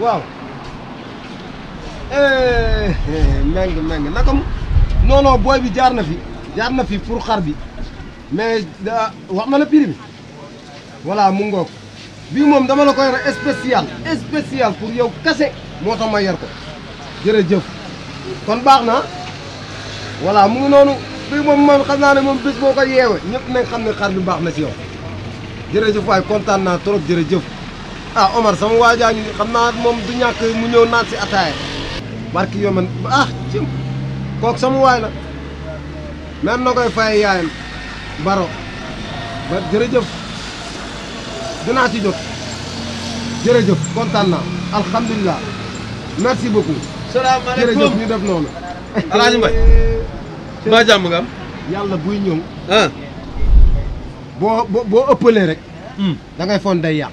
waaw eh, eh, méng méng na comme non non booy bi jaar na fi jaar na fi pour xar bi mais wax na la prix bi voilà mu ngoog bii moom dama la koy wax spécial spécial pour yow kese moo tax ma yar ko jërëjëf kon baax na voilà mu ngi noonu bii moom man xam naa ne moom bés boo ko yeewee ñëpp nañ xam ne xar bi baax na si yow jërëjëf waay kontaan naa trop jërëjëf a ah, Omar sam waajaa ngi xam naa moom du ñàkk mu ñëw naan si ataaya barki yow man ah cim kooku sama waay la même na koy fay yaayam baro ba jërëjëf dinaa ci jot jërëjëf kontaan naa alhamdulilah merci beaucoup. salaamaaleykum ñu def noonu. Alaaji Mbay mbaa jàmm nga am. yàlla buy ñëw. boo boo rek. Hmm. da ngay foon day yàq.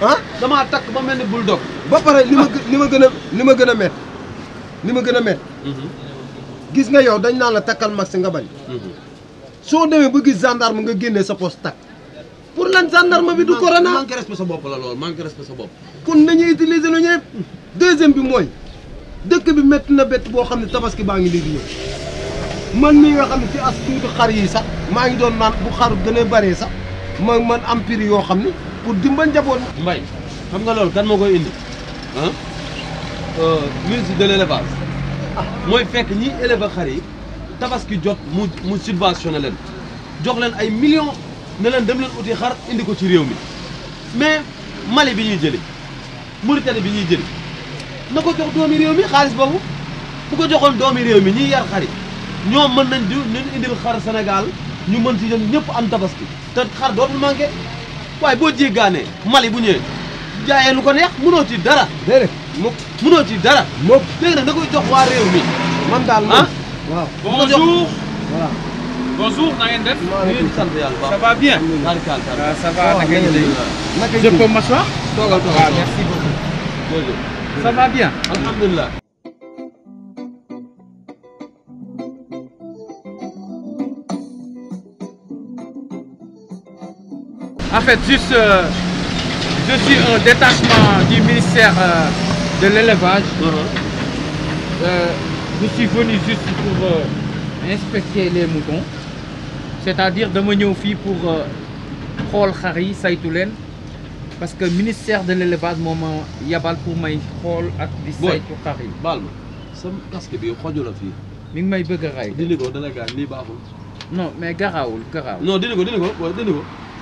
ah damaa takk ba mel ni bulldog ba pare li ma li ma gën a li ma gën a met li ma gën a met mhm. gis nga yow dañ naan la takkal max nga bañ mhm. soo demee ba gis gendarme nga génnee sa poste takk pour lan gendarme bi du corona manque respect sa bopp la loolu manque respect sa bopp kon nañu utiliser lu ñëpp deuxième bi mooy dëkk bi métti na bett boo xam ne tabaski baa ngi léegi ñëw man mii nga xam ne ci as xar yi sax maa ngi doon naan bu xar gën a bëree sax ma man am prix yoo xam ne pour dimbal njaboot mbay xam nga loolu kan moo koy indi ah ministre de l' élevage ah. mooy fekk ñi éleva xar yi tabaski jot mu mu subventionné leen jox leen ay millions ne leen dem leen uti xar indi ko ci réew mi mais Mali bi ñuy jëli Mauritanie bi ñuy jëli na ko jox doomi réew mi xaalis boobu bu ko joxoon doomi réew mi ñiy yar xar yi ñoom mën nañ di ñu indil xar Sénégal ñu mën ci jënd ñëpp am tabaski te xar dootul manqué waaye boo jéggaanee Mali bu ñëwee jaayee lu ko neex mënoo ci dara. mukk mënoo ci dara. mukk nag da koy jox waa réew mi. man daal ah. moom waaw. bonjour voilà. bonjour na ngeen def. maaleykum sant yàlla bu En fait, juste, euh, je suis un détachement du ministère euh, de l'élevage. Uh-huh. Euh, je suis venu juste pour inspecter les moutons. C'est-à-dire de me pour Paul parce que ministère de l'élevage y a yabal pour may la non mais garaawul non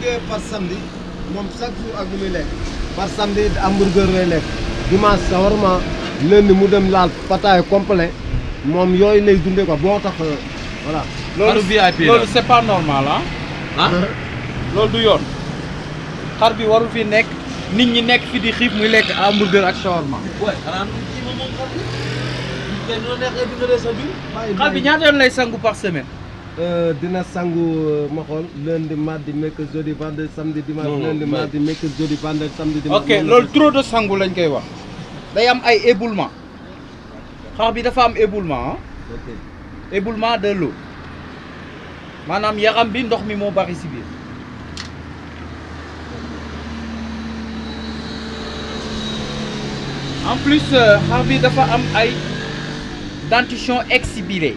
C'est par samedi c'est chaque jour ak par samedi hamburger en train dimanche shawarma lundi mu dem laal complet yoy lay normal. quoi tax euh, voilà. VIP. c'est pas normal hein? Ah? Hein? du Car bi waru fi nek nit ñi fi par semaine. Euh, dina sangu euh, ma lundi mardi mercredi jeudi vendredi samedi dimanche lundi mardi mercredi jeudi vendredi samedi dimanche. ok lol trop de sangu lañ koy wax. day am ay éboulement xar bi dafa am éboulement ah. éboulement de l'eau manam yaram bi ndox mi mo bari ci biir. en plus euh, xar bi dafa am ay dentition exsibilée.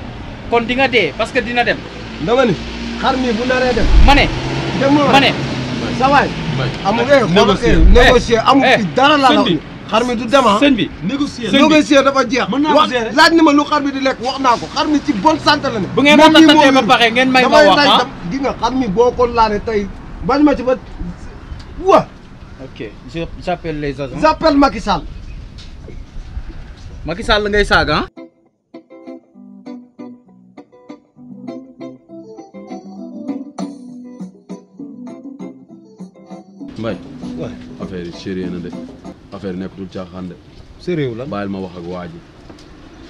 kon di nga dé parce que dina dem. dama ni xar mi bu naré dem. mané ne. demoo ma ne. sa waay. amul eh, eh négocier négocier eh, fi eh, dara laa la xar mi du dem ha ah. sëñ bi négocier négocier dafa jeex. mën naa laaj na ma lu xar mi di lek wax naa ko xar mi ci bonne santé la ni bu ngeen waxtaanee ba paré ngeen may ma wax ha ah. di nga xar mi boo ko laalee bañ ma ci ba wa. ok j'appelle les agents. j'appelle Macky Sall. Macky Sall ngay saaga ah. Mbaye. waay affaire yi sérieux na de affaire nekkatul caaxaan de. sérieux la bàyyil ma wax ak waa ji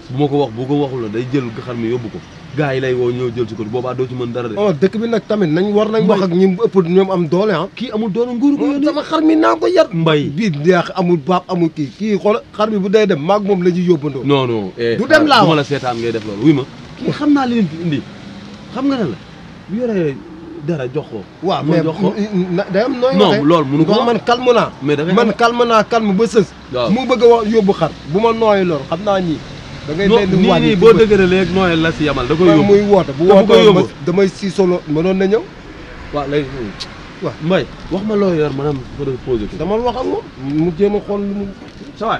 bu ma ko wax bu ko waxul la day jël xar mi yóbbu ko. gaa yi lay woo ñëw jël si ko boobaa doo ci mën dara de. Oh, dëkk bi nag tamit nañ war nañ wax ak ñi ëpp ñoom am doole ah. kii amul doole nguur ko oh, yónnee sama xar mi naa ko yar. mbay bii neex amul baab amul kii kii xool xar mi bu day dem maag moom la ñuy yóbbandoo. non non eh, du dem laa ma la seetaan ngay def loolu wuy ma. kii xam naa leen indi xam nga la dara jox ko. waaw mais day am nooy waxee non loolu mënu ko man calme naa. mais da man calme naa calme ba sës. mu bëgg a wax yóbbu xar bu ma nooy lor xam naa nii. da ngay benn waa nii boo dëgëralee rek nooyal la si yamal da koy yóbbu muy woote bu wootee damay si solo mënoon na ñëw. waa léegi waaw Mbaye wax ma loo yor maanaam posé ko. dama wax ak moom mu jéem a xool lu mu sa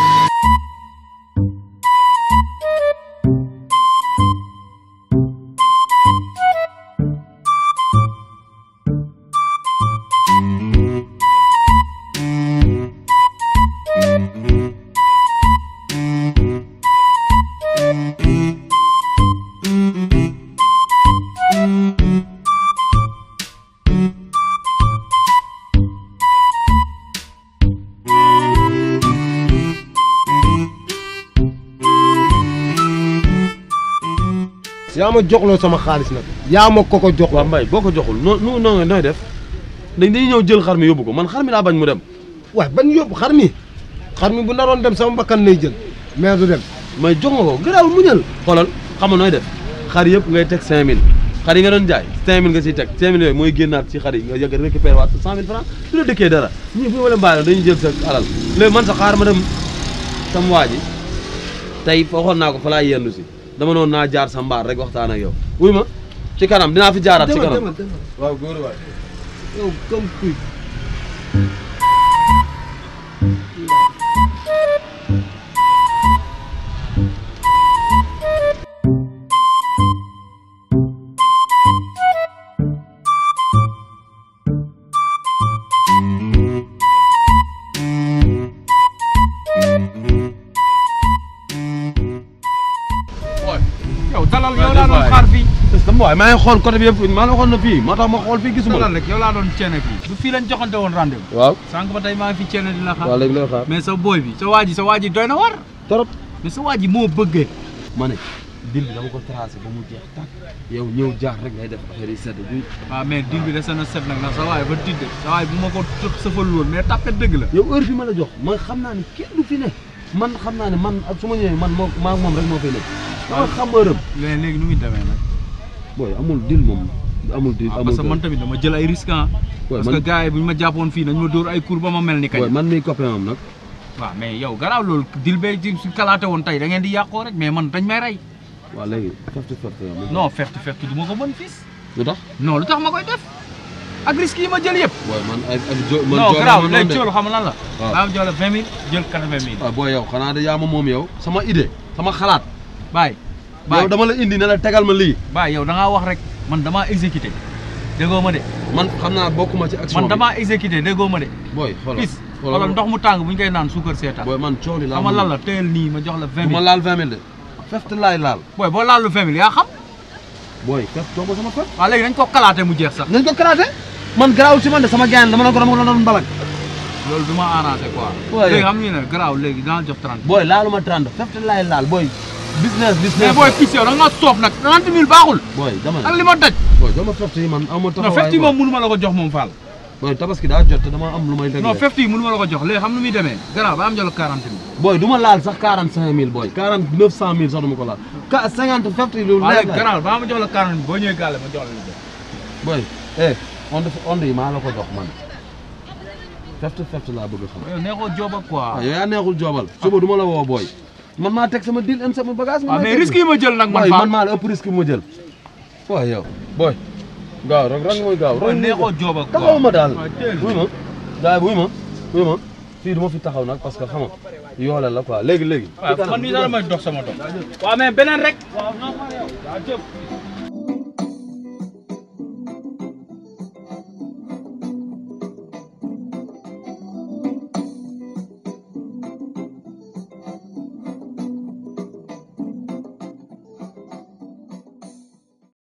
yaa ma joxloo sama xaalis nak yaa ma ko ko jox waaw mbay boko joxul noo no noo nooy def dañ dañuy ñew jël xarmi mi ko man xarmi la bañ mu dem wa bañ yóbbu xarmi xarmi bu naron dem sama bakkan lay jël mais du dem may jox nga ko graw mu ñël xolal xam nga def xar yëpp ngay tek 5000 xar yi nga don jaay 5000 nga ci tek 5000 yoy moy gennat ci xar yi nga yëg récupérer wat 100000 francs du la dëkke dara ñi bu wala leen bàyyi jël sa alal le man sa xaar ma dem sama waji tay tey waxoon naa ko fa laa yendu si dama noonu naa jaar sa mbaar rek waxtaan ak yow wuy ma ci kanam dinaa fi jaaraat ci kanam waaw góor waay yow comme kuy waaye maa ngi xool côté bi yëpp maa la waxoon na fii moo tax ma xool fii gisuma rek yow laa doon ceene fii du fii lañ joxante woon rendez-vous waaw sànq ba fi ceene di la xaar waaw mais sa booy bi sa waa ji sa waa ji doy na war trop sa waa moo bëggee ma ne dil bi dama ko tracé ba mu jeex tàkk yow ñëw jaar rek ngay def affaire yi sedd bi waaw ah, mais dil bi dese na set na ndax sa waay ba tidde sa waay bu ma ko safal woon mais tàppet dëgg la yow heure bi ma la jox man xam naa ne kenn fi ne man xam naa ne man ak su ma ñëwee man moo maa moom rek moo fay nekk ah. dama xam heure am mais léegi nu muy demee booy amul dil moom amul dil ah, amul parce que man tamit dama jël ay risques ah. parce que gars yi bu ñu ma jàppoon fii nañ ma dóor ay cour ba ma mel ni kañ. man mii copain am nag. waaw mais yow garaaw loolu dil bee ci su kalaate woon tey da ngeen di yàqoo rek mais man dañ may rey. waaw léegi feftu feftu non feftu feftu du ma ko mën fils. lu tax non lu tax ma koy def ak risques yi ma jël yëpp. waaw man ay ak jo man non garaaw léegi coolu xam lan la. waaw ah. maa ngi jox la vingt mille jël quatre vingt mille. waaw ah, booy yow xanaa de yaa ma moom yow sama idée sama xalaat bàyyi yow dama la indi na la tegal ma lii. ba yow da ngaa wax rek man damaa exécuté déggoo ma de. man xam naa bokkuma ci action man damaa exécuté déggoo ma de. booy xoolal xoolal ndox mu tàng bu ñu koy naan suukar seetaan. booy man coono laa ma lan la teel nii ma jox la vingt mille laal vingt mille de. feft laay laal. booy boo laalu vingt mille yaa xam. booy feft doo ma sama feft. waaw ah, léegi ko kalaatee mu jeex sax. nañ ko kalaatee man garaawul ci man de sama gaañ dama ne ko dama ko doon loolu du ma arrangé quoi. booy léegi xam nga ne garaaw léegi dinaa jox 30. booy laaluma 30 feft laay laal booy business business mais booy piste yow da nga soof nag 30 000 baaxul. booy dama ne ak li ma daj. booy dama fefti yi man aw ma taxawaay non fefti moom mënu ma la ko jox moom Fall. booy tabaski daa jot te dama am lu may. dëgg non fefti yi mënu ma la ko jox léegi xam nu muy demee. garaaw ba am jël 40 000. booy du ma laal sax 45 000 booy. 40 900 000 sax du ma ko laal. ka 50 fefti yi loolu. léegi garaaw ba ma jox la 40 boo ñëwee gàlle ma jox la lu jox. booy eh ond ond yi maa la ko jox man. fefti fefti laa bëgg a xam. yow neexul joobal quoi. waaw ah, yow yaa neexul joobal suba du ma la woo booy man maa teg sama deal am sama bagage. waaw ah, mais risque yi ma jël nag man man maa la ëpp risque yi ma jël. waaw yow booy. gaaw rek rang mooy gaaw. rang neexoo joob ak taxaw ma daal. wuy ma gars yi wuy ma wuy ma fii du ma fi taxaw nag parce que xam nga yoolal la quoi léegi léegi. waaw man mii daal may dox sama dox. waaw mais beneen rek.